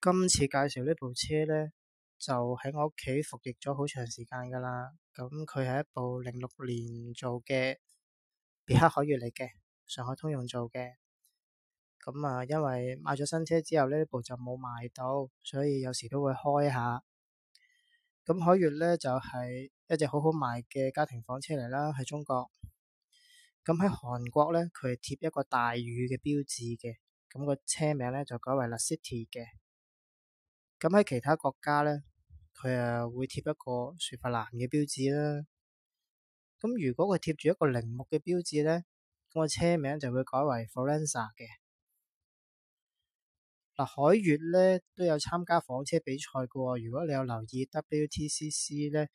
今次介紹呢部車呢，就喺我屋企服役咗好長時間噶啦。咁佢係一部零六年做嘅別克凱越嚟嘅，上海通用做嘅。咁啊，因為買咗新車之後呢部就冇賣到，所以有時都會開下。咁凱越呢，就係、是、一隻好好賣嘅家庭房車嚟啦，喺中國。咁喺韓國呢，佢係貼一個大宇嘅標誌嘅，咁、嗯、個車名呢，就改為 Lacetti 嘅。咁喺其他國家咧，佢啊會貼一個雪佛蘭嘅標誌啦。咁如果佢貼住一個鈴木嘅標誌咧，咁個車名就會改為 Forenza 嘅。嗱，海月咧都有參加房車比賽嘅喎。如果你有留意 WTCC 咧，誒、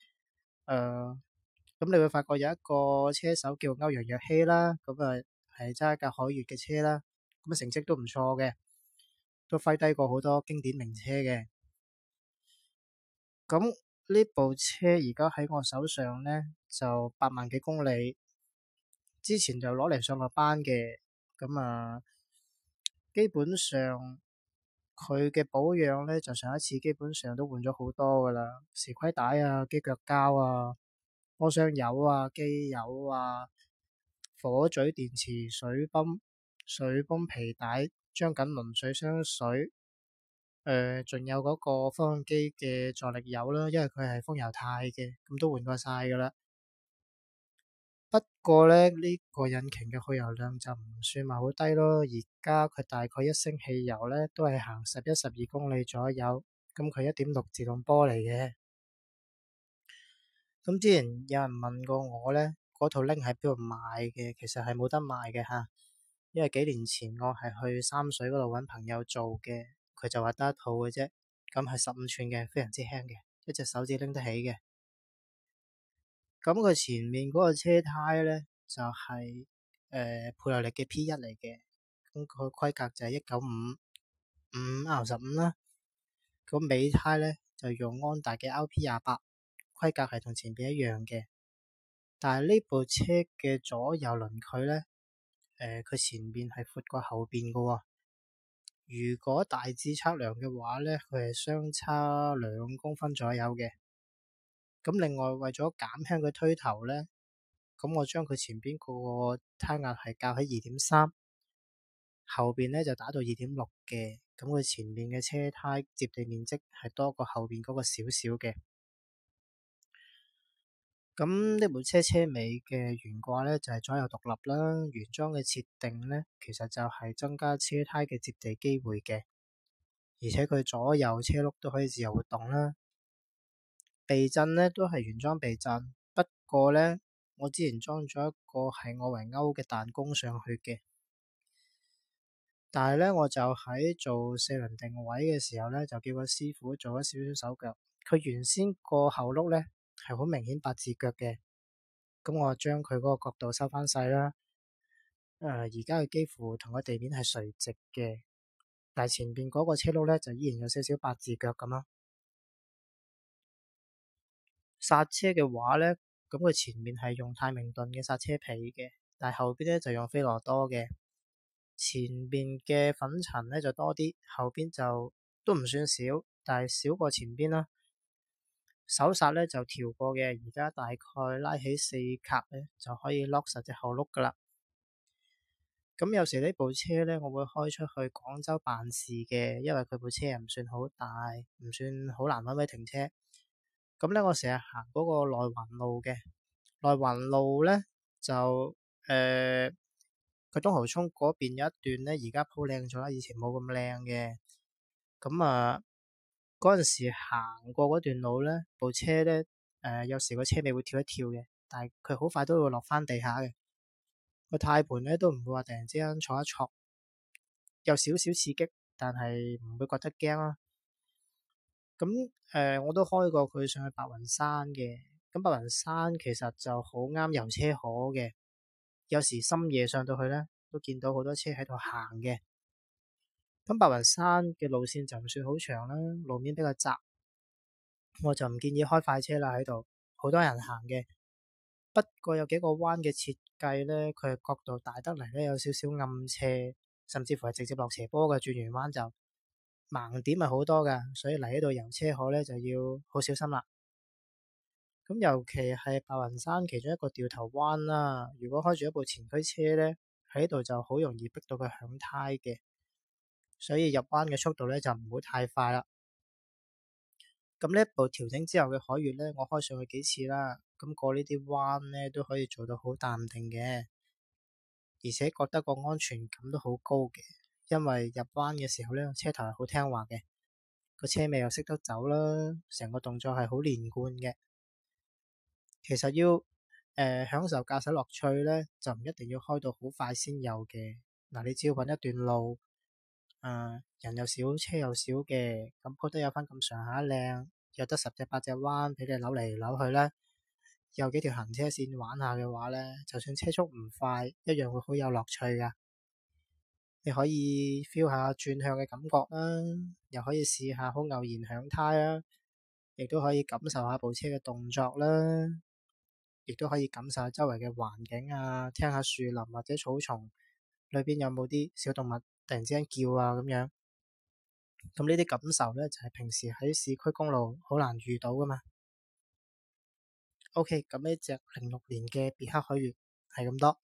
呃，咁你會發覺有一個車手叫歐陽若曦啦，咁啊係揸架海月嘅車啦，咁啊成績都唔錯嘅，都揮低過好多經典名車嘅。咁呢部車而家喺我手上呢，就八萬幾公里，之前就攞嚟上個班嘅，咁啊，基本上佢嘅保養呢，就上一次基本上都換咗好多噶啦，時規帶啊，機腳膠啊，波箱油啊，機油啊，火嘴、電池、水泵、水泵皮帶，張緊輪、水箱水。誒，仲、呃、有嗰個方向機嘅助力油啦，因為佢係風油軚嘅，咁都換過晒噶啦。不過咧呢，這個引擎嘅耗油量就唔算埋好低咯。而家佢大概一升汽油咧都係行十一、十二公里左右。咁佢一點六自動波嚟嘅。咁之前有人問過我咧，嗰套 Link 喺邊度買嘅，其實係冇得賣嘅吓，因為幾年前我係去三水嗰度搵朋友做嘅。佢就話得一套嘅啫，咁係十五寸嘅，非常之輕嘅，一隻手指拎得起嘅。咁佢前面嗰個車胎咧，就係誒倍耐力嘅 P 一嚟嘅，咁佢規格就係一九五五 R 十五啦。個尾胎咧就用安大嘅 LP 廿八，規格係同前邊一樣嘅。但係呢部車嘅左右輪距咧，誒、呃、佢前邊係闊過後邊嘅，哦。如果大致測量嘅話呢，佢係相差兩公分左右嘅。咁另外為咗減輕佢推頭呢，咁我將佢前邊個胎壓係較喺二點三，後邊呢就打到二點六嘅。咁佢前面嘅車胎接地面積係多過後邊嗰個少少嘅。咁呢部車車尾嘅懸掛呢，就係左右獨立啦，原裝嘅設定呢，其實就係增加車胎嘅接地機會嘅，而且佢左右車轆都可以自由活動啦。避震呢都係原裝避震，不過呢，我之前裝咗一個係我為歐嘅彈弓上去嘅，但係呢，我就喺做四輪定位嘅時候呢，就叫個師傅做咗少少手腳，佢原先個後轆呢。係好明顯八字腳嘅，咁我將佢嗰個角度收翻細啦。誒、呃，而家佢幾乎同個地面係垂直嘅，但係前邊嗰個車轆咧就依然有少少八字腳咁啦。剎車嘅話咧，咁佢前面係用泰明頓嘅剎車皮嘅，但係後邊咧就用菲羅多嘅。前面嘅粉塵咧就多啲，後邊就都唔算少，但係少過前邊啦。手剎咧就調過嘅，而家大概拉起四格咧就可以落實隻後轆噶啦。咁有時呢部車咧，我會開出去廣州辦事嘅，因為佢部車又唔算好大，唔算好難搵位停車。咁咧，我成日行嗰個內環路嘅，內環路咧就誒，佢東濠涌嗰邊有一段咧，而家鋪靚咗啦，以前冇咁靚嘅。咁啊～嗰陣時行過嗰段路咧，部車咧，誒、呃、有時個車尾會跳一跳嘅，但係佢好快都會落翻地下嘅。個軚盤咧都唔會話突然之間坐一坐，有少少刺激，但係唔會覺得驚啦。咁誒、呃、我都開過佢上去白雲山嘅，咁白雲山其實就好啱遊車河嘅。有時深夜上到去咧，都見到好多車喺度行嘅。咁白雲山嘅路線就唔算好長啦，路面比較窄，我就唔建議開快車啦，喺度好多人行嘅。不過有幾個彎嘅設計呢，佢係角度大得嚟呢有少少暗斜，甚至乎係直接落斜坡嘅。轉完彎就盲點係好多噶，所以嚟呢度遊車河呢就要好小心啦。咁尤其係白雲山其中一個掉頭彎啦、啊，如果開住一部前驅車呢，喺度就好容易逼到佢響胎嘅。所以入彎嘅速度咧就唔會太快啦。咁呢一部調整之後嘅凱越咧，我開上去幾次啦，咁過彎呢啲彎咧都可以做到好淡定嘅，而且覺得個安全感都好高嘅。因為入彎嘅時候咧，車頭係好聽話嘅，個車尾又識得走啦，成個動作係好連貫嘅。其實要誒、呃、享受駕駛樂趣咧，就唔一定要開到好快先有嘅。嗱，你只要搵一段路。嗯、人又少，車又少嘅，咁覺得有翻咁上下靚，又得十隻八隻彎俾你扭嚟扭去啦。有幾條行車線玩下嘅話呢，就算車速唔快，一樣會好有樂趣噶。你可以 feel 下轉向嘅感覺啦，又可以試下好油然響軚啊，亦都可以感受下部車嘅動作啦，亦都可以感受下周圍嘅環境啊，聽下樹林或者草叢裏邊有冇啲小動物。突然之間叫啊咁樣，咁呢啲感受呢，就係、是、平時喺市區公路好難遇到噶嘛。OK，咁呢隻零六年嘅別克凱越係咁多。